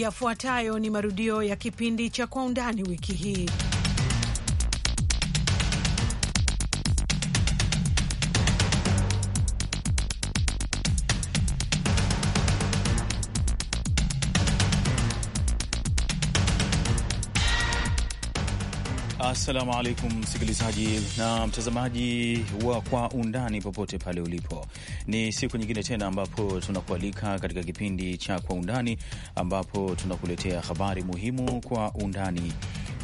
Yafuatayo ni marudio ya kipindi cha Kwa Undani wiki hii. Assalamu alaikum msikilizaji na mtazamaji wa Kwa Undani popote pale ulipo, ni siku nyingine tena ambapo tunakualika katika kipindi cha Kwa Undani ambapo tunakuletea habari muhimu kwa undani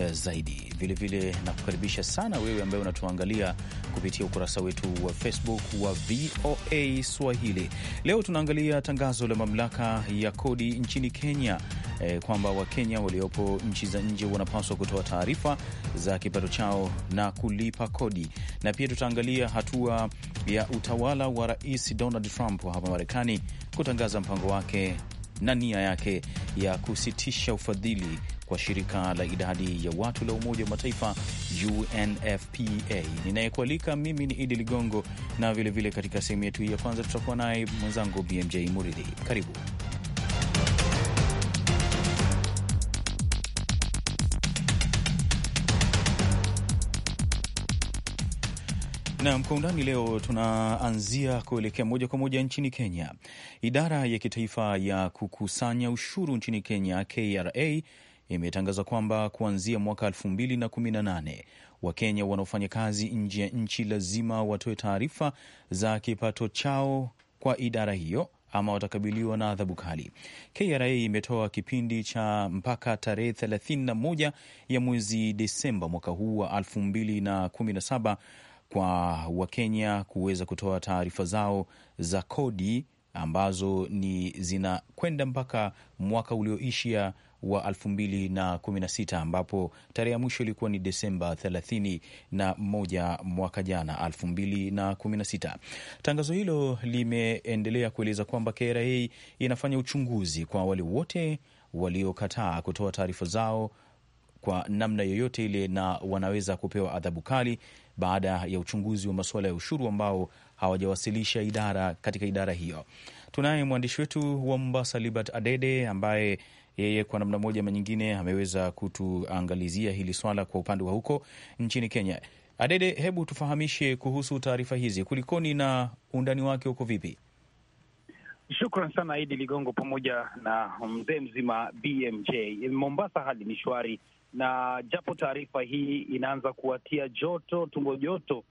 Eh, zaidi. Vilevile nakukaribisha sana wewe ambaye unatuangalia kupitia ukurasa wetu wa Facebook wa VOA Swahili. Leo tunaangalia tangazo la mamlaka ya kodi nchini Kenya e, kwamba Wakenya waliopo nchi za nje wanapaswa kutoa taarifa za kipato chao na kulipa kodi, na pia tutaangalia hatua ya utawala wa Rais Donald Trump wa hapa Marekani kutangaza mpango wake na nia yake ya kusitisha ufadhili kwa shirika la idadi ya watu la Umoja wa Mataifa, UNFPA. Ninayekualika mimi ni Idi Ligongo, na vilevile vile katika sehemu yetu hii ya kwanza tutakuwa naye mwenzangu BMJ Muridhi. Karibu. Nam kwa undani leo, tunaanzia kuelekea moja kwa moja nchini Kenya. Idara ya kitaifa ya kukusanya ushuru nchini Kenya, KRA, imetangaza kwamba kuanzia mwaka elfu Wakenya wanaofanya kazi nje ya nchi lazima watoe taarifa za kipato chao kwa idara hiyo ama watakabiliwa na adhabu kali. KRA imetoa kipindi cha mpaka tarehe 31 ya mwezi Desemba mwaka huu wa 2017 kwa Wakenya kuweza kutoa taarifa zao za kodi ambazo ni zinakwenda mpaka mwaka ulioishia wa elfu mbili na kumi na sita ambapo tarehe ya mwisho ilikuwa ni Desemba thelathini na moja mwaka jana elfu mbili na kumi na sita. Tangazo hilo limeendelea kueleza kwamba KRA inafanya uchunguzi kwa wale wote waliokataa kutoa taarifa zao kwa namna yoyote ile na wanaweza kupewa adhabu kali baada ya uchunguzi wa masuala ya ushuru ambao hawajawasilisha idara katika idara hiyo. Tunaye mwandishi wetu wa Mombasa, Libert Adede, ambaye yeye kwa namna moja ama nyingine ameweza kutuangalizia hili swala kwa upande wa huko nchini Kenya. Adede, hebu tufahamishe kuhusu taarifa hizi, kulikoni na undani wake uko vipi? Shukran sana Idi Ligongo pamoja na mzee mzima BMJ. Mombasa hali ni shwari, na japo taarifa hii inaanza kuwatia joto tumbo joto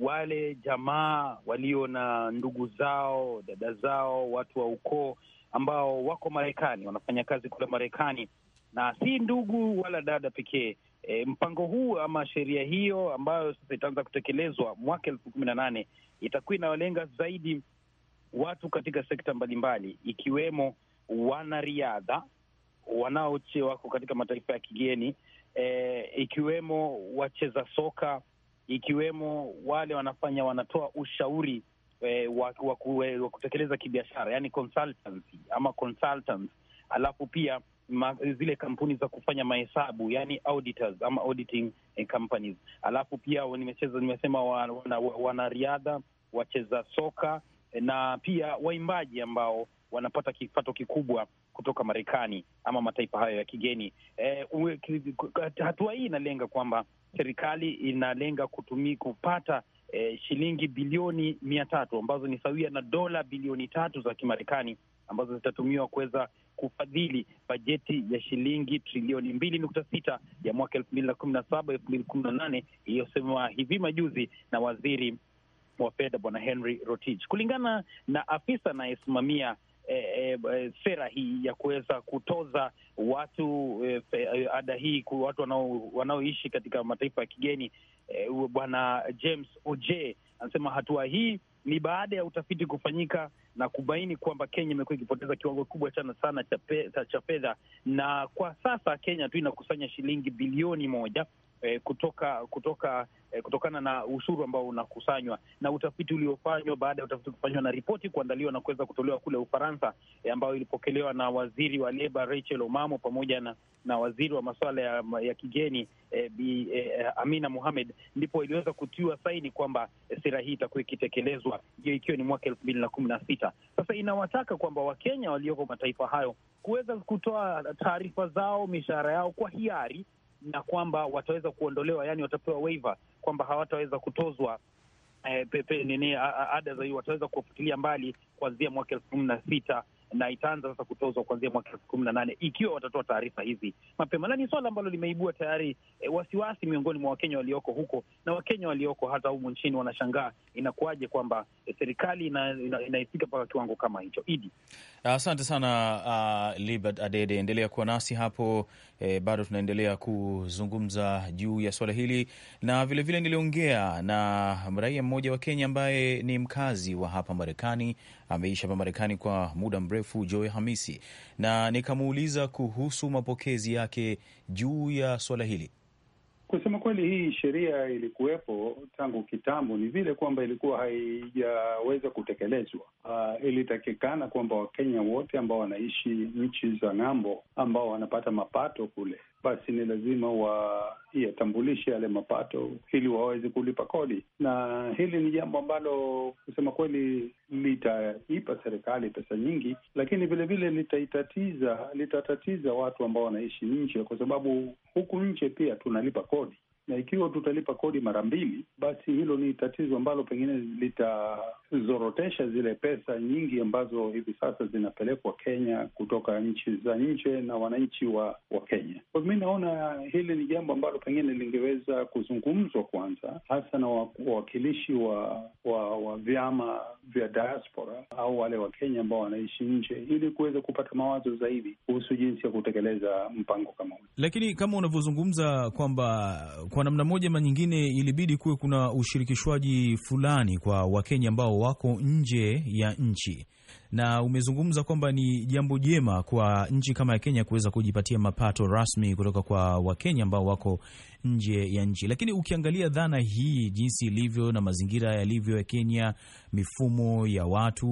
wale jamaa walio na ndugu zao, dada zao, watu wa ukoo ambao wako Marekani, wanafanya kazi kule Marekani na si ndugu wala dada pekee. E, mpango huu ama sheria hiyo ambayo sasa itaanza kutekelezwa mwaka elfu kumi na nane itakuwa inawalenga zaidi watu katika sekta mbalimbali ikiwemo wanariadha wanaoche wako katika mataifa ya kigeni e, ikiwemo wacheza soka ikiwemo wale wanafanya wanatoa ushauri e, wa, wa, eh, wa kutekeleza kibiashara, yani consultancy ama consultants, alafu pia ma, zile kampuni za kufanya mahesabu yani auditors ama auditing eh, companies, alafu pia nimecheza, nimesema wanariadha, wana, wana wacheza soka na pia waimbaji ambao wanapata kipato kikubwa kutoka Marekani ama mataifa hayo ya kigeni. E, hatua hii inalenga kwamba serikali inalenga kutumi kupata e, shilingi bilioni mia tatu ambazo ni sawia na dola bilioni tatu za Kimarekani ambazo zitatumiwa kuweza kufadhili bajeti ya shilingi trilioni mbili nukta sita ya mwaka elfu mbili na kumi na saba elfu mbili kumi na nane iliyosema hivi majuzi na waziri wa fedha Bwana Henry Rotich. Kulingana na afisa anayesimamia Eh, eh, eh, sera hii ya kuweza kutoza watu eh, eh ada hii watu wanaoishi katika mataifa ya kigeni. eh, Bwana James Oje anasema hatua hii ni baada ya utafiti kufanyika na kubaini kwamba Kenya imekuwa ikipoteza kiwango kikubwa sana sana cha fedha, na kwa sasa Kenya tu inakusanya shilingi bilioni moja eh, kutoka kutoka eh, kutokana na ushuru ambao unakusanywa na utafiti uliofanywa baada ya utafiti kufanywa na ripoti kuandaliwa na kuweza kutolewa kule Ufaransa eh, ambayo ilipokelewa na waziri wa leba Rachel Omamo pamoja na, na waziri wa masuala ya, ya kigeni eh, Bi eh, eh, Amina Mohamed, ndipo iliweza kutiwa saini kwamba eh, sera hii itakuwa ikitekelezwa, hiyo ikiwa ni mwaka elfu mbili na kumi na sita. Sasa inawataka kwamba Wakenya walioko mataifa hayo kuweza kutoa taarifa zao, mishahara yao kwa hiari na kwamba wataweza kuondolewa, yani watapewa waiver kwamba hawataweza kutozwa eh, pepe nini ada za hiyo wataweza kuwafutilia mbali kuanzia mwaka elfu kumi na sita na itaanza sasa kutozwa kuanzia mwaka elfu kumi na nane ikiwa watatoa taarifa hizi mapema, na ni swala ambalo limeibua tayari e, wasiwasi miongoni mwa Wakenya walioko huko na Wakenya walioko hata humu nchini. Wanashangaa inakuwaje kwamba e, serikali inaifika ina, ina mpaka kiwango kama hicho. Idi, asante sana uh, Libert Adede, endelea kuwa nasi hapo e, bado tunaendelea kuzungumza juu ya swala hili, na vilevile niliongea na raia mmoja wa Kenya ambaye ni mkazi wa hapa Marekani, ameishi hapa Marekani kwa muda mrefu mrefu Joe Hamisi, na nikamuuliza kuhusu mapokezi yake juu ya suala hili. Kusema kweli, hii sheria ilikuwepo tangu kitambo, ni vile kwamba ilikuwa haijaweza kutekelezwa. Uh, ilitakikana kwamba Wakenya wote ambao wanaishi nchi za ng'ambo, ambao wanapata mapato kule basi ni lazima wayatambulishe yale mapato ili waweze kulipa kodi, na hili ni jambo ambalo kusema kweli litaipa serikali pesa nyingi, lakini vilevile litaitatiza, litatatiza watu ambao wanaishi nje, kwa sababu huku nje pia tunalipa kodi na ikiwa tutalipa kodi mara mbili, basi hilo ni tatizo ambalo pengine lita zorotesha zile pesa nyingi ambazo hivi sasa zinapelekwa Kenya kutoka nchi za nje na wananchi wa, wa Kenya. Kwa mi naona hili ni jambo ambalo pengine lingeweza kuzungumzwa kwanza, hasa na wawakilishi wa, wa, wa vyama vya diaspora au wale wa Kenya ambao wanaishi nje, ili kuweza kupata mawazo zaidi kuhusu jinsi ya kutekeleza mpango kama huu. Lakini kama unavyozungumza kwamba kwa namna moja ama nyingine ilibidi kuwe kuna ushirikishwaji fulani kwa Wakenya ambao wako nje ya nchi, na umezungumza kwamba ni jambo jema kwa nchi kama ya Kenya kuweza kujipatia mapato rasmi kutoka kwa Wakenya ambao wako nje ya nchi. Lakini ukiangalia dhana hii jinsi ilivyo na mazingira yalivyo ya Kenya, mifumo ya watu,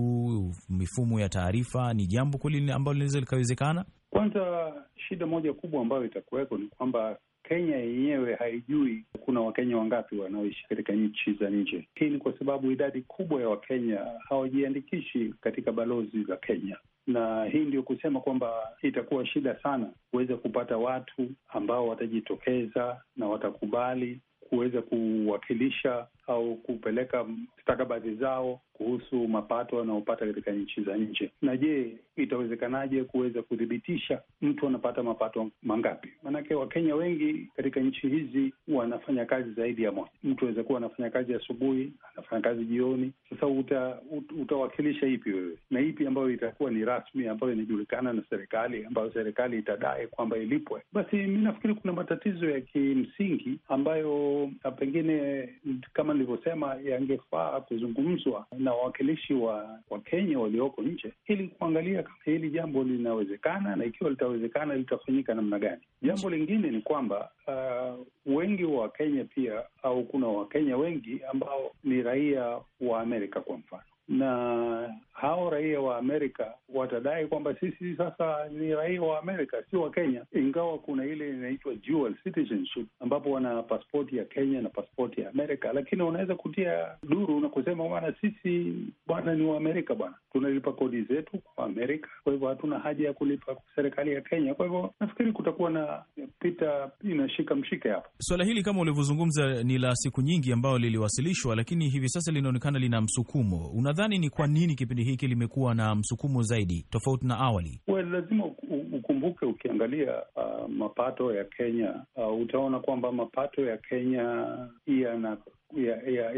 mifumo ya taarifa, ni jambo kweli ambalo linaweza likawezekana? Kwanza, shida moja kubwa ambayo itakuweko ni kwamba Kenya yenyewe haijui kuna Wakenya wangapi wanaoishi katika nchi za nje. Hii ni kwa sababu idadi kubwa ya Wakenya hawajiandikishi katika balozi za Kenya, na hii ndio kusema kwamba itakuwa shida sana kuweza kupata watu ambao watajitokeza na watakubali kuweza kuwakilisha au kupeleka stakabadhi zao kuhusu mapato wanaopata katika nchi za nje. Na je, itawezekanaje kuweza kuthibitisha mtu anapata mapato mangapi? Maanake Wakenya wengi katika nchi hizi wanafanya kazi zaidi ya moja. Mtu aweza kuwa anafanya kazi asubuhi, anafanya kazi jioni. Sasa uta, ut, utawakilisha ipi wewe, na ipi ambayo itakuwa ni rasmi, ambayo inajulikana na serikali, ambayo serikali itadai kwamba ilipwe? Basi mi nafikiri kuna matatizo ya kimsingi ambayo pengine kama alivyosema yangefaa kuzungumzwa na wawakilishi wa kenya walioko nje ili kuangalia kama hili jambo linawezekana na ikiwa litawezekana litafanyika namna gani. Jambo lingine ni kwamba uh, wengi wa Wakenya pia au kuna Wakenya wengi ambao ni raia wa Amerika kwa mfano na hao raia wa Amerika watadai kwamba sisi sasa ni raia wa Amerika, si wa Kenya, ingawa kuna ile inaitwa dual citizenship, ambapo wana paspoti ya Kenya na paspoti ya Amerika, lakini wanaweza kutia duru na kusema bwana, sisi bwana ni Waamerika, bwana tunalipa kodi zetu kwa Amerika, kwa hivyo hatuna haja ya kulipa serikali ya Kenya. Kwa hivyo nafikiri kutakuwa na pita inashika mshike hapo. Swala hili kama ulivyozungumza ni la siku nyingi ambayo liliwasilishwa, lakini hivi sasa linaonekana lina msukumo. Unadhani ni kwa nini kipindi hiki limekuwa na msukumo zaidi tofauti na awali? Well, lazima ukumbuke, ukiangalia uh, mapato ya Kenya uh, utaona kwamba mapato ya Kenya yana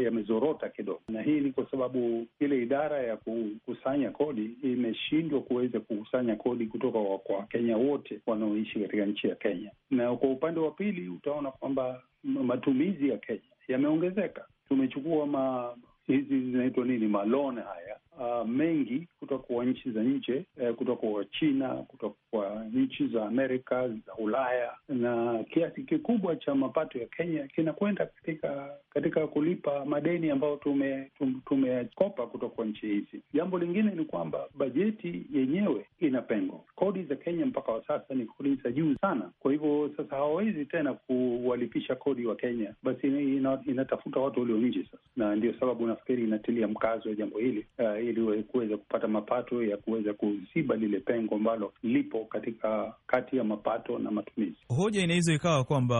yamezorota ya, ya kidogo, na hii ni kwa sababu ile idara ya kukusanya kodi imeshindwa kuweza kukusanya kodi kutoka kwa Wakenya wote wanaoishi katika nchi ya Kenya, na kwa upande wa pili utaona kwamba matumizi ya Kenya yameongezeka. Tumechukua ma hizi zinaitwa nini, malon haya uh, mengi kutoka kwa nchi za nje eh, kutoka kwa China, kutoka kwa nchi za Amerika, za Ulaya, na kiasi kikubwa cha mapato ya Kenya kinakwenda katika katika kulipa madeni ambayo tumekopa tume kutoka kwa nchi hizi. Jambo lingine ni kwamba bajeti yenyewe ina pengo. Kodi za Kenya mpaka wa sasa ni kodi za juu sana, kwa hivyo sasa hawawezi tena kuwalipisha kodi wa Kenya, basi inatafuta ina, ina watu walio nje sasa, na ndio sababu nafikiri inatilia mkazo ya jambo hili uh, ili kuweza kupata mapato ya kuweza kuziba lile pengo ambalo lipo katika kati ya mapato na matumizi. Hoja inaweza ikawa kwamba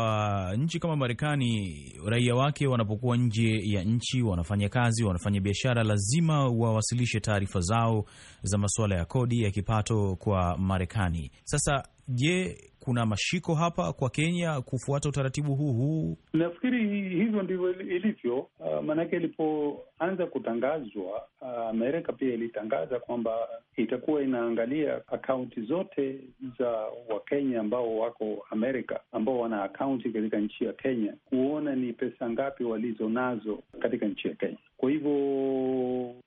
nchi kama Marekani, raia wake wanapokuwa nje ya nchi, wanafanya kazi, wanafanya biashara, lazima wawasilishe taarifa zao za masuala ya kodi ya kipato kwa Marekani. Sasa je, kuna mashiko hapa kwa Kenya kufuata utaratibu huu huu? Nafikiri hivyo ndivyo ilivyo. Uh, ah, maanake ilipoanza kutangazwa, uh, Amerika pia ilitangaza kwamba itakuwa inaangalia akaunti zote za Wakenya ambao wako Amerika ambao wana akaunti katika nchi ya Kenya kuona ni pesa ngapi walizo nazo katika nchi ya Kenya. Kwa hivyo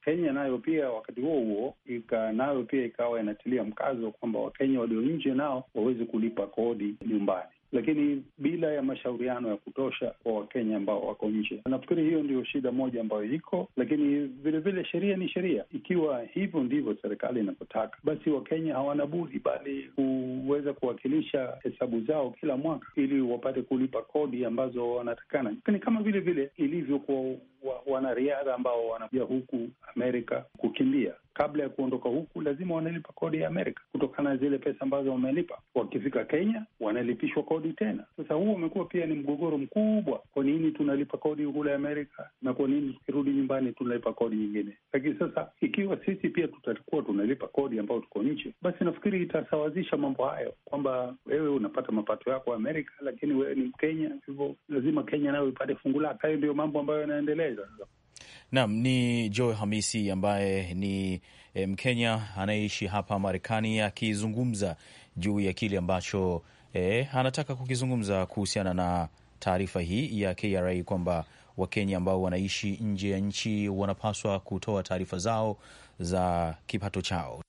Kenya nayo pia wakati huo huo ika nayo pia ikawa inatilia mkazo kwamba Wakenya walio nje nao waweze kulipa kulipa kodi nyumbani, lakini bila ya mashauriano ya kutosha kwa Wakenya ambao wako nje. Nafikiri hiyo ndio shida moja ambayo iko, lakini vilevile sheria ni sheria. Ikiwa hivyo ndivyo serikali inavyotaka, basi Wakenya hawana budi bali kuweza kuwakilisha hesabu zao kila mwaka ili wapate kulipa kodi ambazo wanatakana, lakini kama vile vile ilivyo kwa wanariadha ambao wanakuja huku Amerika kukimbia kabla ya kuondoka huku lazima wanalipa kodi ya Amerika kutokana na zile pesa ambazo wamelipa. Wakifika Kenya wanalipishwa kodi tena. Sasa huo umekuwa pia ni mgogoro mkubwa. Kwa nini tunalipa kodi kule Amerika na kwa nini tukirudi nyumbani tunalipa kodi nyingine? Lakini sasa ikiwa sisi pia tutakuwa tunalipa kodi ambayo tuko nje basi nafikiri itasawazisha mambo hayo, kwamba wewe unapata mapato yako Amerika, lakini wewe ni Mkenya, hivyo lazima Kenya nayo ipate fungu lake. Hayo ndio mambo ambayo yanaendeleza sasa. Naam, ni Joe Hamisi ambaye ni eh, Mkenya anayeishi hapa Marekani akizungumza juu ya kile ambacho eh, anataka kukizungumza kuhusiana na taarifa hii ya KRA kwamba Wakenya ambao wanaishi nje ya nchi wanapaswa kutoa taarifa zao za kipato chao.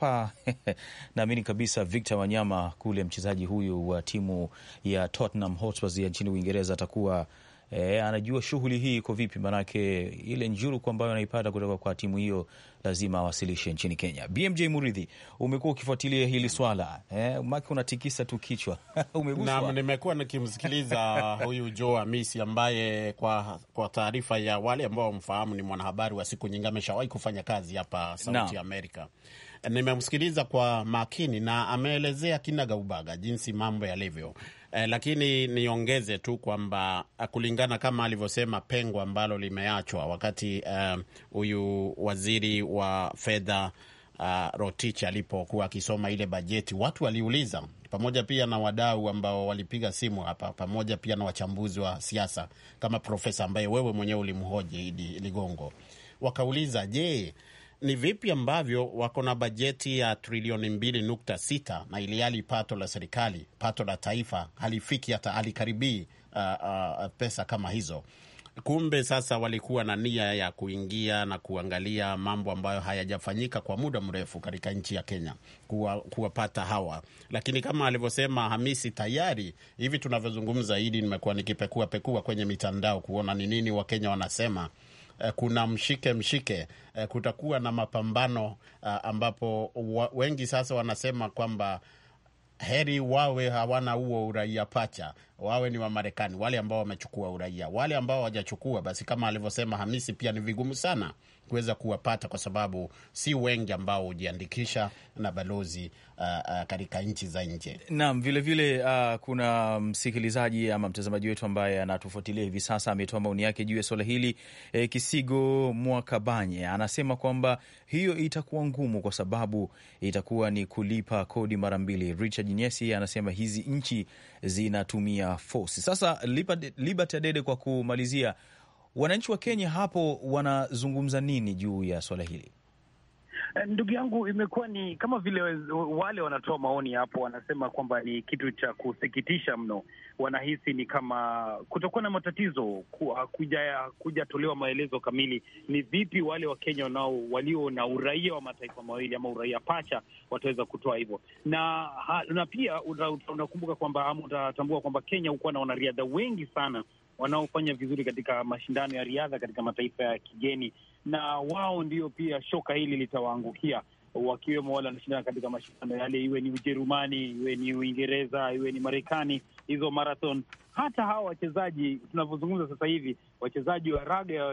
hapa naamini kabisa Victor Wanyama kule, mchezaji huyu wa timu ya Tottenham Hotspur ya nchini Uingereza atakuwa E, anajua shughuli hii iko vipi, maanake ile njuruku ambayo anaipata kutoka kwa timu hiyo lazima awasilishe nchini Kenya. BMJ Muridhi, umekuwa ukifuatilia hili swala e, eh, make unatikisa tu kichwa umeguswa. Nimekuwa nikimsikiliza huyu Joe Amisi ambaye kwa, kwa taarifa ya wale ambao wamfahamu ni mwanahabari wa siku nyingi, ameshawahi kufanya kazi hapa Sauti ya Amerika nimemsikiliza kwa makini na ameelezea kinagaubaga jinsi mambo yalivyo. Eh, lakini niongeze tu kwamba eh, kulingana kama alivyosema pengo ambalo limeachwa wakati eh, huyu uh, waziri wa fedha uh, Rotich alipokuwa akisoma ile bajeti, watu waliuliza, pamoja pia na wadau ambao walipiga simu hapa, pamoja pia na wachambuzi wa siasa kama profesa ambaye wewe mwenyewe ulimhoji Idi Ligongo, wakauliza je, ni vipi ambavyo wako na bajeti ya trilioni mbili nukta sita na iliali pato la serikali, pato la taifa halifiki hata halikaribii uh, uh, pesa kama hizo. Kumbe sasa walikuwa na nia ya kuingia na kuangalia mambo ambayo hayajafanyika kwa muda mrefu katika nchi ya Kenya, kuwa, kuwapata hawa. Lakini kama alivyosema Hamisi, tayari hivi tunavyozungumza, hili nimekuwa nikipekua pekua kwenye mitandao kuona ni nini Wakenya wanasema Eh, kuna mshike mshike, eh, kutakuwa na mapambano eh, ambapo wengi sasa wanasema kwamba heri wawe hawana huo uraia pacha, wawe ni Wamarekani wale ambao wamechukua uraia, wale ambao hawajachukua, basi kama alivyosema Hamisi, pia ni vigumu sana kuweza kuwapata, kwa sababu si wengi ambao hujiandikisha na balozi uh, uh, katika nchi za nje. Naam, vilevile uh, kuna msikilizaji ama mtazamaji wetu ambaye anatufuatilia hivi sasa ametoa maoni yake juu ya swala hili eh, Kisigo Mwakabanye anasema kwamba hiyo itakuwa ngumu kwa sababu itakuwa ni kulipa kodi mara mbili. Richard Nyesi anasema hizi nchi zinatumia force. Sasa Liberty Adede, kwa kumalizia Wananchi wa Kenya hapo wanazungumza nini juu ya swala hili? Eh, ndugu yangu, imekuwa ni kama vile wale wanatoa maoni hapo, wanasema kwamba ni kitu cha kusikitisha mno. Wanahisi ni kama kutokuwa na matatizo, hakujatolewa maelezo kamili ni vipi wale Wakenya wanao walio na uraia wa mataifa mawili ama uraia pacha wataweza kutoa hivyo, na na pia unakumbuka kwamba ama utatambua kwamba Kenya hukuwa na wanariadha wengi sana wanaofanya vizuri katika mashindano ya riadha katika mataifa ya kigeni, na wao ndio pia shoka hili litawaangukia, wakiwemo wale wanashindana katika mashindano yale, iwe ni Ujerumani, iwe ni Uingereza, iwe ni Marekani, hizo marathon. Hata hawa wachezaji tunavyozungumza sasa hivi, wachezaji wa raga,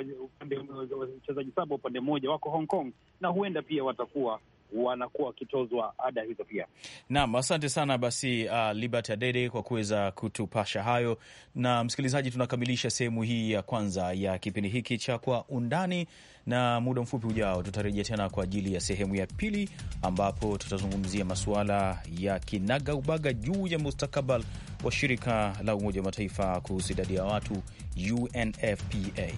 wachezaji saba upande mmoja wako Hong Kong, na huenda pia watakuwa wanakuwa wakitozwa ada hizo pia. Naam, asante sana basi, uh, Libert Adede kwa kuweza kutupasha hayo. Na msikilizaji, tunakamilisha sehemu hii ya kwanza ya kipindi hiki cha Kwa Undani, na muda mfupi ujao tutarejea tena kwa ajili ya sehemu ya pili, ambapo tutazungumzia masuala ya kinaga ubaga juu ya mustakabal wa shirika la Umoja wa Mataifa kuhusu idadi ya watu UNFPA.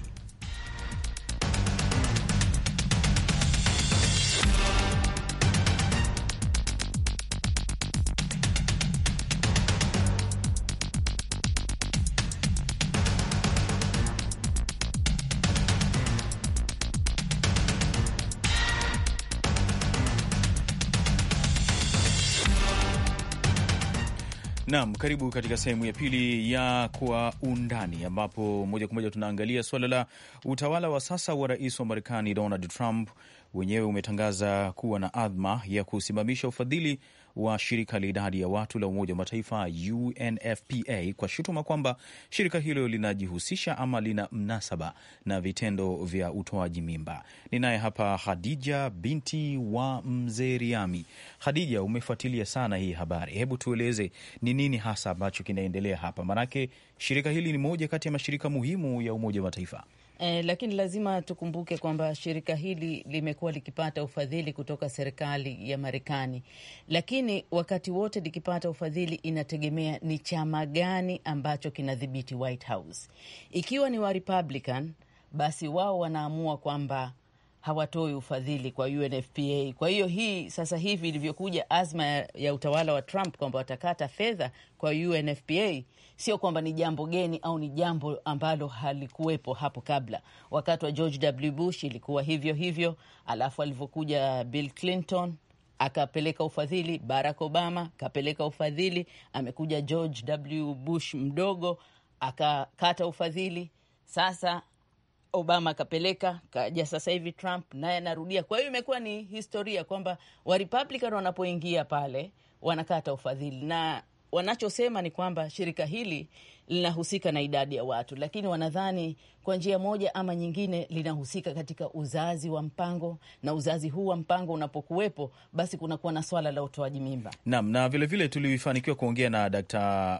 Naam, karibu katika sehemu ya pili ya Kwa Undani, ambapo moja kwa moja tunaangalia suala la utawala wa sasa wa rais wa Marekani Donald Trump wenyewe umetangaza kuwa na adhma ya kusimamisha ufadhili wa shirika la idadi ya watu la Umoja wa Mataifa UNFPA kwa shutuma kwamba shirika hilo linajihusisha ama lina mnasaba na vitendo vya utoaji mimba. Ninaye hapa hadija binti wa Mzee Riami. hadija umefuatilia sana hii habari, hebu tueleze ni nini hasa ambacho kinaendelea hapa, maanake shirika hili ni moja kati ya mashirika muhimu ya Umoja wa Mataifa. Eh, lakini lazima tukumbuke kwamba shirika hili limekuwa likipata ufadhili kutoka serikali ya Marekani, lakini wakati wote likipata ufadhili inategemea ni chama gani ambacho kinadhibiti White House. Ikiwa ni wa Republican, basi wao wanaamua kwamba hawatoi ufadhili kwa UNFPA. Kwa hiyo hii sasa hivi ilivyokuja azma ya, ya utawala wa Trump kwamba watakata fedha kwa UNFPA, sio kwamba ni jambo geni au ni jambo ambalo halikuwepo hapo kabla. Wakati wa George W. Bush ilikuwa hivyo hivyo, alafu alivyokuja Bill Clinton akapeleka ufadhili, Barack Obama akapeleka ufadhili, amekuja George W. Bush mdogo akakata ufadhili. Sasa Obama akapeleka, kaja sasa hivi Trump naye anarudia. Kwa hiyo imekuwa ni historia kwamba Warepublican wanapoingia pale wanakata ufadhili na wanachosema ni kwamba shirika hili linahusika na idadi ya watu, lakini wanadhani kwa njia moja ama nyingine linahusika katika uzazi wa mpango, na uzazi huu wa mpango unapokuwepo, basi kunakuwa na swala la utoaji mimba. Naam, na vilevile tulifanikiwa kuongea na Dkt.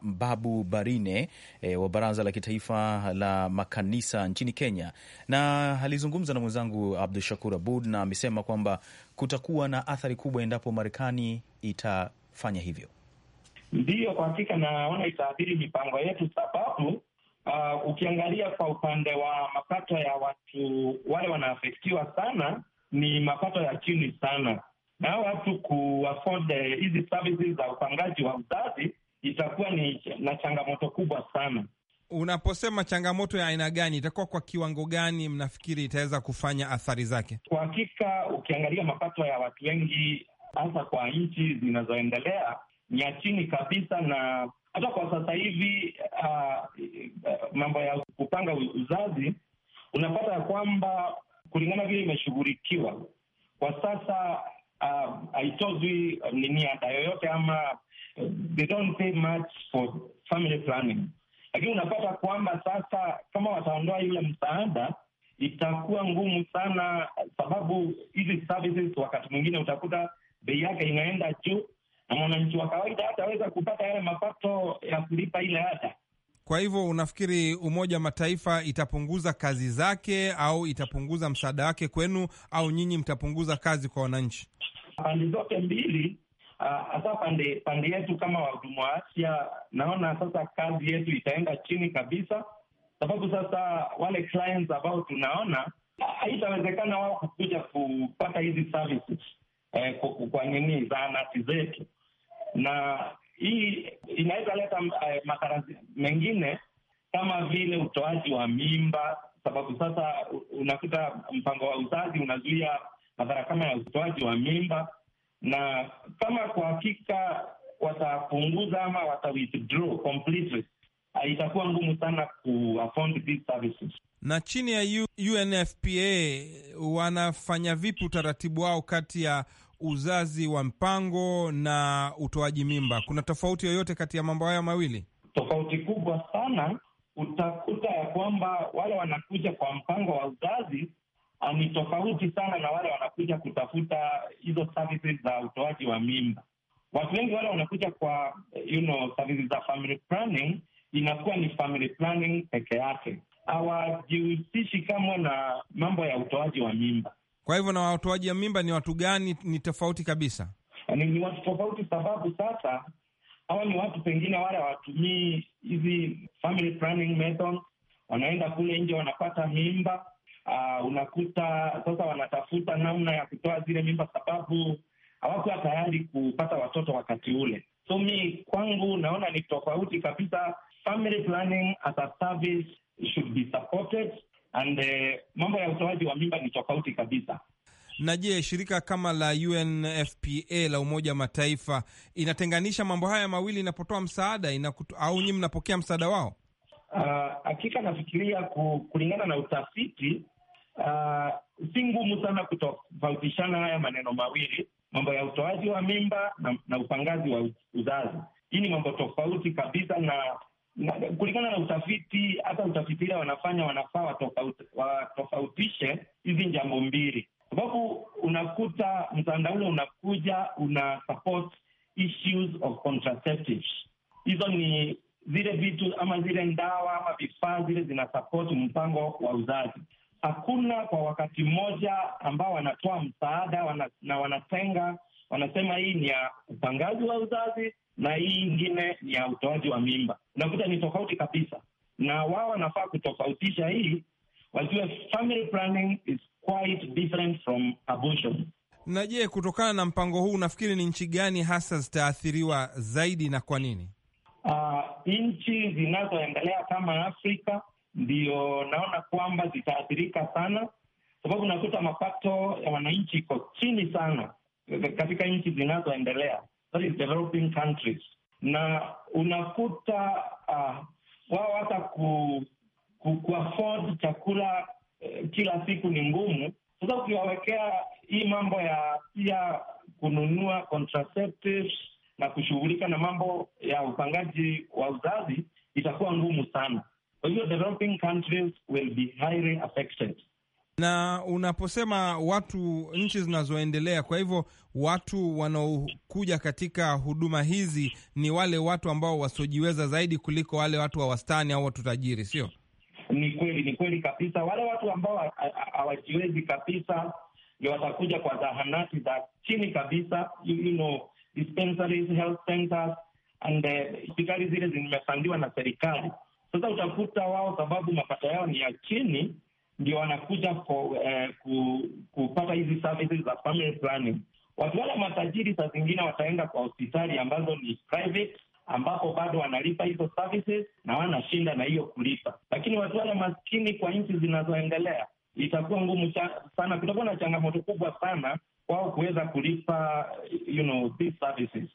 Mbabu Barine e, wa Baraza la Kitaifa la Makanisa nchini Kenya, na alizungumza na mwenzangu Abdu Shakur Abud na amesema kwamba kutakuwa na athari kubwa endapo Marekani itafanya hivyo. Ndiyo, kwa hakika naona itaathiri mipango yetu, sababu uh, ukiangalia kwa upande wa mapato ya watu wale wanaafektiwa sana ni mapato ya chini sana, na hao watu kuafford eh, hizi services za upangaji wa uzazi itakuwa ni na changamoto kubwa sana. Unaposema changamoto ya aina gani, itakuwa kwa kiwango gani mnafikiri itaweza kufanya athari zake? Kwa hakika ukiangalia mapato ya watu wengi, hasa kwa nchi zinazoendelea ya chini kabisa, na hata kwa sasa hivi uh, mambo ya kupanga uzazi unapata ya kwamba kulingana vile imeshughulikiwa kwa sasa uh, haitozwi nini ada yoyote ama eh, they don't pay much for family planning, lakini unapata kwamba sasa kama wataondoa yule msaada itakuwa ngumu sana, sababu hizi services wakati mwingine utakuta bei yake inaenda juu na mwananchi wa kawaida hataweza kupata yale mapato ya kulipa ile ada. Kwa hivyo unafikiri Umoja wa Mataifa itapunguza kazi zake au itapunguza msaada wake kwenu, au nyinyi mtapunguza kazi kwa wananchi? Pande zote mbili, ah, hasa pande pande yetu kama wahudumu wa afya, naona sasa kazi yetu itaenda chini kabisa, sababu sasa wale clients ambao tunaona haitawezekana wao kukuja kupata hizi services eh, kwa nini zahanati zetu na hii inaweza leta uh, madhara mengine kama vile utoaji wa mimba, sababu sasa unakuta mpango wa uzazi unazuia madhara kama ya utoaji wa mimba, na kama kwa hakika watapunguza ama wata withdraw completely, ah, itakuwa ngumu sana ku afford these services. Na chini ya UNFPA wanafanya vipi utaratibu wao kati ya uzazi wa mpango na utoaji mimba, kuna tofauti yoyote kati ya mambo haya mawili? Tofauti kubwa sana. Utakuta ya kwamba wale wanakuja kwa mpango wa uzazi ah, ni tofauti sana na wale wanakuja kutafuta hizo services za utoaji wa mimba. Watu wengi wale wanakuja kwa you know, services za family planning, inakuwa ni family planning peke yake, hawajihusishi kamwe na mambo ya utoaji wa mimba. Kwa hivyo na watoaji wa mimba ni watu gani? Ni tofauti kabisa, ah, ni, ni watu tofauti, sababu sasa hawa ni watu pengine wale hawatumii hizi family planning wanaenda kule nje wanapata mimba. Uh, unakuta sasa wanatafuta namna ya kutoa zile mimba, sababu hawakuwa tayari kupata watoto wakati ule. So mi kwangu naona ni tofauti kabisa. Family planning as a service should be supported and uh, mambo ya utoaji wa mimba ni tofauti kabisa. Na je, shirika kama la UNFPA la Umoja wa Mataifa inatenganisha mambo haya mawili inapotoa msaada inakutu, au nyinyi mnapokea msaada wao? Ah, hakika uh, nafikiria kulingana na utafiti uh, si ngumu sana kutofautishana haya maneno mawili, mambo ya utoaji wa mimba na, na upangazi wa uzazi. Hii ni mambo tofauti kabisa na kulingana na utafiti, hata utafiti ile wanafanya wanafaa watofautishe hizi jambo mbili, sababu unakuta mtandao ule unakuja una support issues of contraceptives. Hizo ni zile vitu ama zile ndawa ama vifaa zile zina support mpango wa uzazi. Hakuna kwa wakati mmoja ambao wanatoa msaada wana, na wanatenga wanasema hii ni ya upangaji wa uzazi na hii ingine ya utoaji wa mimba, unakuta ni tofauti kabisa, na wao wanafaa kutofautisha hii, wajue family planning is quite different from abortion. Na je, kutokana na mpango huu unafikiri ni nchi gani hasa zitaathiriwa zaidi na kwa nini? Uh, nchi zinazoendelea kama Afrika ndio naona kwamba zitaathirika sana, sababu unakuta mapato ya wananchi iko chini sana katika nchi zinazoendelea sorry, developing countries, na unakuta uh, wao hata ku, ku, ku afford chakula eh, kila siku ni ngumu. Sasa ukiwawekea hii mambo ya pia kununua contraceptives na kushughulika na mambo ya upangaji wa uzazi itakuwa ngumu sana. Kwa hiyo developing countries will be highly affected. Na unaposema watu nchi zinazoendelea, kwa hivyo watu wanaokuja katika huduma hizi ni wale watu ambao wasiojiweza zaidi kuliko wale watu wa wastani au watu tajiri, sio? Ni kweli, ni kweli kabisa. Wale watu ambao hawajiwezi kabisa ndio watakuja kwa zahanati za chini kabisa, you know, dispensaries, health centers and eh, hospitali zile zimesandiwa na serikali. Sasa utakuta wao, sababu mapato yao ni ya chini ndio wanakuja ku, eh, ku, kupata hizi services za family planning. Watu wale matajiri saa zingine wataenda kwa hospitali ambazo ni private ambapo bado wanalipa hizo services na wanashinda na hiyo kulipa, lakini watu wale maskini kwa nchi zinazoendelea itakuwa ngumu sana. Kutakuwa na changamoto kubwa sana kwao kuweza kulipa you know, these services.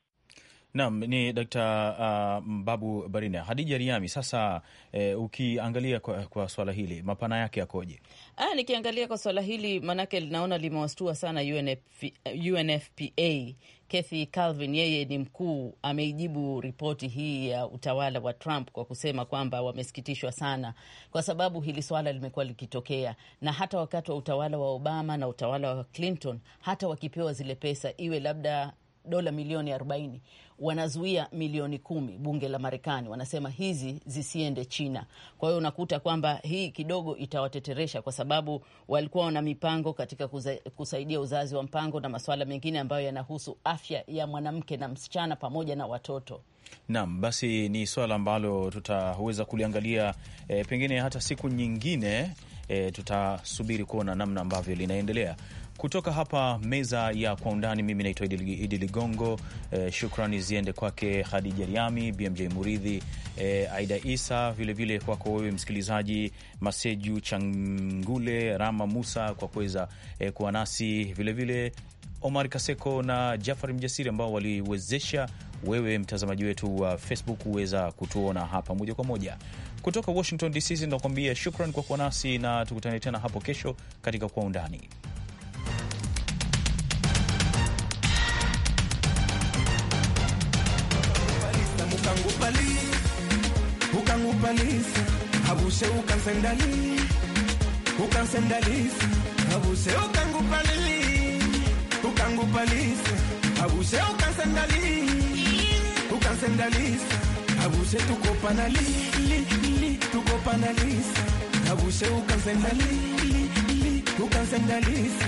Naam, ni Dkt. uh, ah, Mbabu Barina. Hadija Riami, sasa eh, ukiangalia kwa, kwa swala hili mapana yake yakoje? Ah, nikiangalia kwa swala hili maanake linaona limewastua sana UNF, UNFPA. Kathy Calvin yeye ni mkuu, ameijibu ripoti hii ya utawala wa Trump kwa kusema kwamba wamesikitishwa sana kwa sababu hili swala limekuwa likitokea, na hata wakati wa utawala wa Obama na utawala wa Clinton, hata wakipewa zile pesa, iwe labda dola milioni arobaini wanazuia milioni kumi, bunge la Marekani wanasema hizi zisiende China. Kwa hiyo unakuta kwamba hii kidogo itawateteresha, kwa sababu walikuwa wana mipango katika kuza, kusaidia uzazi wa mpango na masuala mengine ambayo yanahusu afya ya mwanamke na msichana pamoja na watoto. Naam, basi ni swala ambalo tutaweza kuliangalia e, pengine hata siku nyingine e, tutasubiri kuona namna ambavyo linaendelea. Kutoka hapa meza ya kwa undani, mimi naitwa Idi Ligongo. Eh, shukrani ziende kwake hadija Riami, BMJ Muridhi, eh, Aida Isa, vilevile kwako wewe msikilizaji Maseju Changule, Rama Musa kwa kuweza eh, kuwa nasi vilevile Omar Kaseko na Jafari Mjasiri ambao waliwezesha wewe mtazamaji wetu wa Facebook huweza kutuona hapa moja kwa moja kutoka Washington DC. Tunakuambia shukran kwa kuwa nasi na tukutane tena hapo kesho katika Kwa Undani. abuse ukansendali ukansendalisa abuse ukangupalili ukangupalisa abuse ukansendali ukansendalisa abuse tukopanali tukopanalisa abuse ukansendali ukansendalisa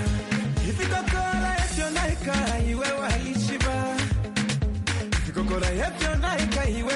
ifikokola yetionaika iwe walishiba ifikokola yetionaika iwe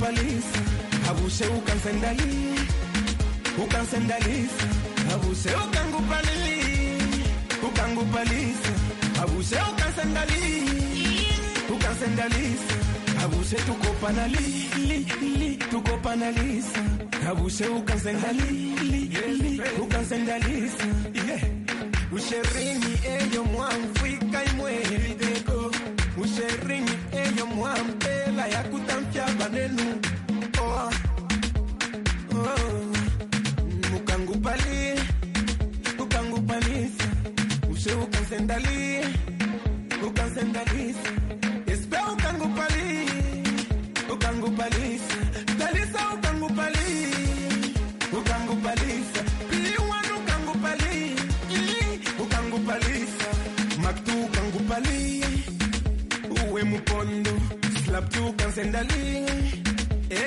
palisse, abushe ukansendali, ukansendalisa, abushe ukangupali, ukangupalisa, abushe ukansendali, ukansendalisa, abushe tukopanali, tukopanalisa, abushe ukansendali, ukansendalisa, Usherini eyo mwangu ikaimwe videko, mwa mbela ya kutamfya banenu oh. oh. ukangupali ukangupanisa ushe ukansendali ukansendalisa espe ukangupali ukangupalisa talisa ukangupali ukangupalisa piwan ukangupali ukangupalisa Kondo, slap two can send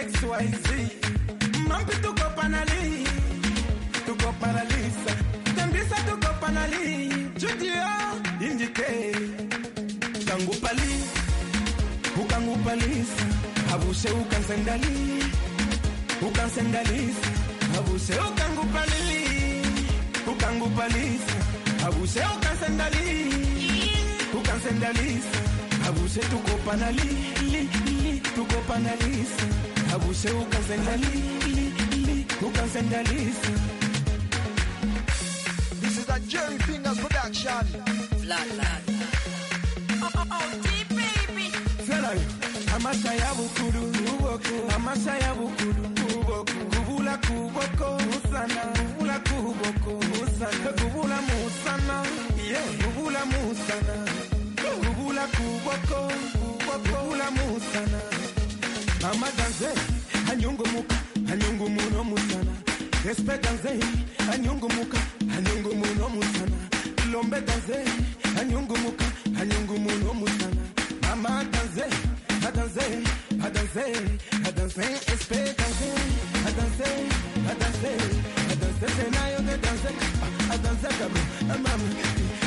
XYZ. Mampi to go panali, to go panalisa. Tembisa to go panali, Judia, injike. Kangupali, ukangupalisa. Habuse ukansendali, ukansendalisa. Habuse ukangupali, ukangupalisa. Habuse ukansendali, ukansendalisa abuse tuko panali li li tuko panalisi abuse ukazenda li li li ukazenda lisi This is a Jerry Fingers production Flatland Oh oh oh deep baby Selayo Amasa ya bukuru uboko Amasa ya bukuru uboko Kubula kuboko usana Kubula kuboko usana Kubula musana Yeah Kubula musana kula kuboko kula musana amaganze anyungumuka anyungumuno musana respe ganze anyungumuka anyungumuno musana lombe ganze anyungumuka anyungumuno musana mama ganze adanze adanze adanze espe ganze adanze adanze adanze senayo de danze adanze kabo mama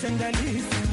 Senegalese.